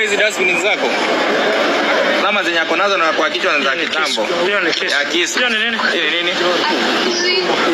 hizi dustbin zako lama zenye ako nazo na kwa kichwa za kitambo hiyo ni kesi ya kesi Hiyo ni nini? Hiyo ni nini?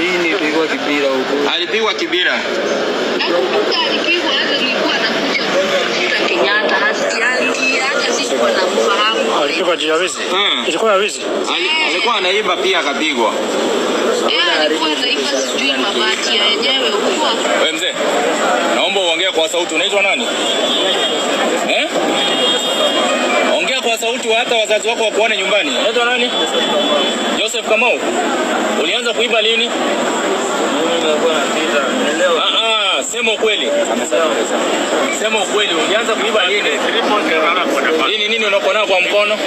Hii ni pigwa kibira huko. Alipigwa kibira. Hmm. Alikuwa anaiba pia akapigwa. Eh, mzee, naomba uongee kwa sauti. Unaitwa nani? Eh? Ongea kwa sauti hata wazazi wako wakuone nyumbani. Unaitwa nani? Joseph Kamau. Ulianza kuiba lini? Ah, ah, sema ukweli. Sema ukweli, ulianza kuiba lini? Nini nini unako nao kwa mkono?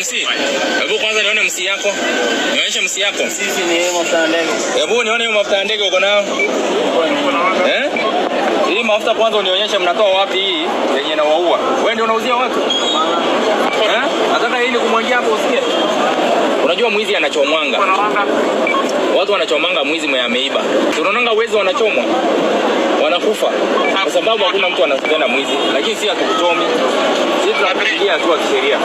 Msi. Hebu kwanza nione msi yako. Nionyeshe msi yako. Sisi ni mafuta ya ndege. Hebu nione hiyo mafuta ya ndege uko nao? Eh? Hii mafuta kwanza unionyeshe mnatoa wapi hii yenye nawaua. Wewe ndio unauzia watu. Eh? Nataka hii kumwangia hapo usikie. Unajua mwizi anachomwanga. Watu wanachomanga mwizi mwe ameiba. Tunaonanga wezi wanachomwa. Wanakufa. Kwa sababu hakuna mtu anatenda mwizi. Lakini si hatukuchomi. Sisi tunapigia hatua kisheria.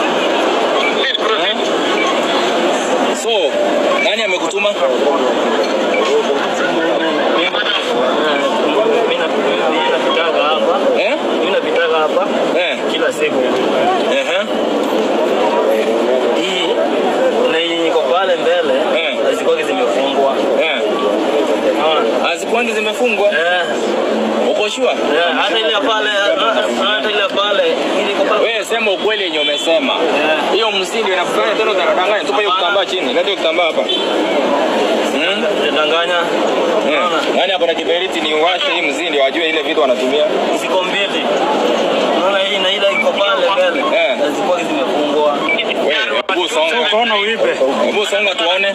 umesema ukweli yenye umesema. Hiyo msindi inafanya tena utadanganya. Tupa hiyo kitambaa chini. Leta kitambaa hapa. Hmm? Utadanganya. Nani ako na kiberiti ni uwashe hii mzindi wajue ile vitu wanatumia. Ziko mbili. Unaona hii na ile iko pale mbele. na Ziko zimefungwa. Wewe, hebu songa. Ukaona uibe. tuone.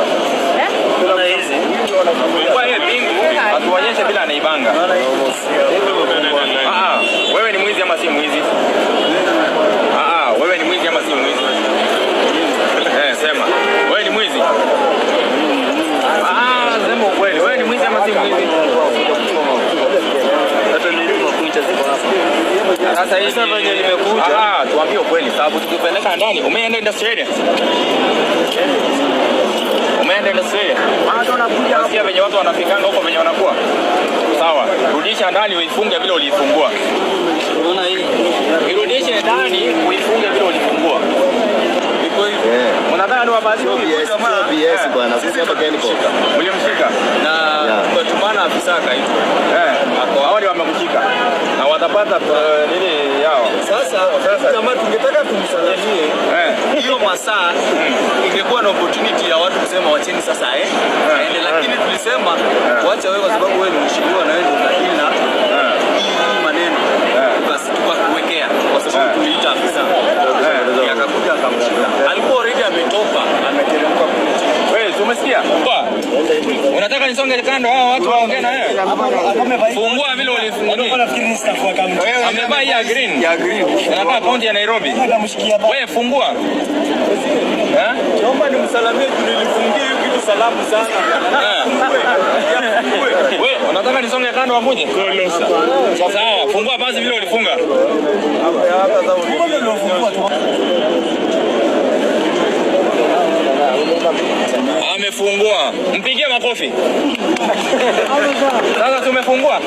sasa hivi venye nimekuja. Ah, ah, tuambie ukweli sababu tukupeleka ndani umeenda Australia. Umeenda Australia. Bado unakuja hapa venye watu wanafikanga huko venye wanakuwa. Sawa. Rudisha ndani uifunge vile ulifungua. Unaona hii? Irudishe ndani uifunge vile ulifungua. Iko hivyo. Unadhani ni wabazi hivi? Yes, yes eh. bwana. Sisi hapa kwa? Mlimshika. Na kwa tumana afisa kaitwa. Eh. ako Hao wamemshika hawatapata uh, nini yao. Sasa sasa, kama tungetaka tumsalimie eh. hiyo masaa, hmm. ingekuwa na opportunity ya watu kusema wacheni sasa, eh, eh. lakini eh. tulisema wacha wewe, kwa sababu wewe ni mheshimiwa na usonge kando, hao watu waongee na wewe. Fungua vile ulifungulia. Amevaa ya green. Ya green. Anakaa kaunti ya Nairobi. Wewe fungua. Eh? Naomba nimsalimie tulilifungia hiyo kitu salamu sana. Eh. Wewe unataka nisonge kando wamuje? Sawa, fungua basi vile ulifunga. Hapa hapa sasa. Fungua vile ulifunga. Amefungua, mpigie makofi. Sasa tumefungua.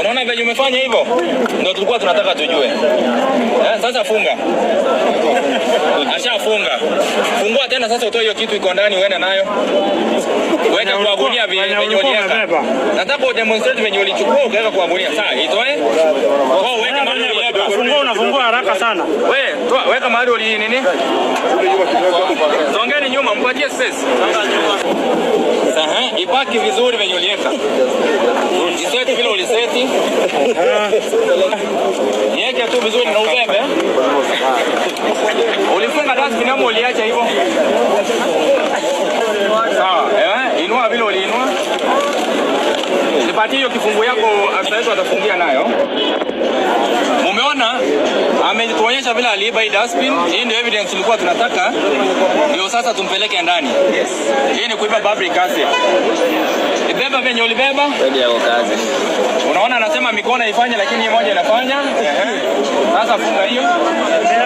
Unaona vile umefanya hivyo, ndio tulikuwa tunataka tujue. Eh, sasa funga, ashafunga. Fungua tena sasa, utoe hiyo kitu iko ndani, uende nayo, uende kwa gunia vyenye uliweka. Nataka udemonstrate vyenye ulichukua ukaweka kwa gunia. Sasa itoe, weka mahali hapa. Fungua, unafungua haraka sana. Wewe weka mahali uli nini? Songe Rudi nyuma, mpatie space. Sahi, ipaki vizuri venye ulieka. Iseti vile uliseti. Niweke tu vizuri na uzembe. Ulifunga dustbin ama uliacha hivyo? bahati hiyo kifungu yako afisa yetu atafungia nayo. Mumeona ametuonyesha vile aliiba hii dustbin. Hii ndio evidence tulikuwa tunataka, ndio sasa tumpeleke ndani. Hii ni kuiba public asset ulibeba venye ulibeba, unaona anasema mikono ifanye, lakini yeye moja inafanya. Sasa funga hiyo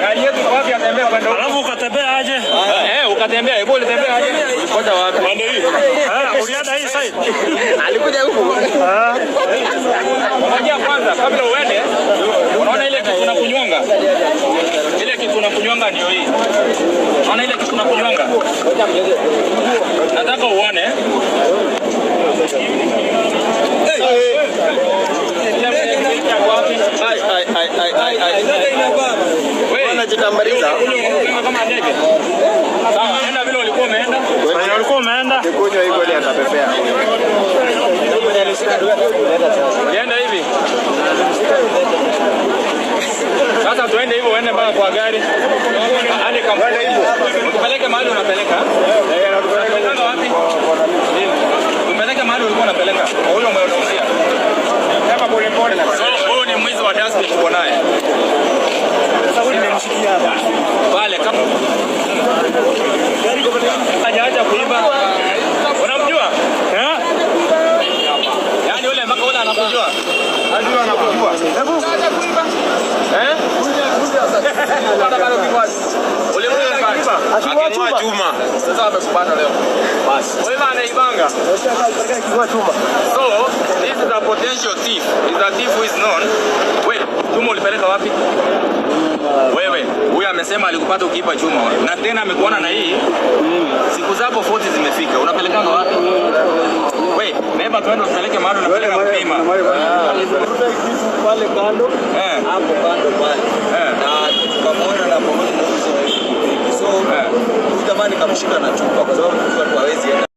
gari yetu kwa wapi? Atembea kwenda huko, alafu ukatembea aje? Eh, eh ukatembea yuko, ulitembea aje? Kwenda wapi? Kwenda hii, ah, ulienda hii side, alikuja huko. Ah, ngoja kwanza, kabla uende, unaona ile kitu na kunyonga? ile kitu na kunyonga ndio hii. Unaona ile kitu na kunyonga? nataka uone Najitambaliza walikuwa umeenda nikunywa hivyo, ile atapepea ulienda hivi. Sasa tuende hivyo, uende mpaka kwa gari hadi kampuni, ukipeleke mahali unapeleka, unapeleka wapi? mahali ulikuwa unapeleka huyo umeuzia hapa pole pole. So huyu ni mwizi wa dustbin tuko naye sasa, huyu nimemshikia hapa pale kama gari hajaacha kuiba, unamjua eh? Yani yule mpaka yule anakujua, anajua anakujua, hebu eh, ulimjua Akinua chuma. Sasa amekubana leo. Basi. Wewe anaibanga. So, this is a potential thief. Is a thief who is known. Wewe, chuma ulipeleka wapi? Wewe, huyu amesema alikupata ukiipa chuma na tena amekuona na hii. Siku zako 40 zimefika. Unapelekanga wapi? Ah. Pale kando. Eh. Hapo kando pale. Eh. Na tukamwona na pamoja na huyu jamani kamshika na chupa kwa sababu hawezi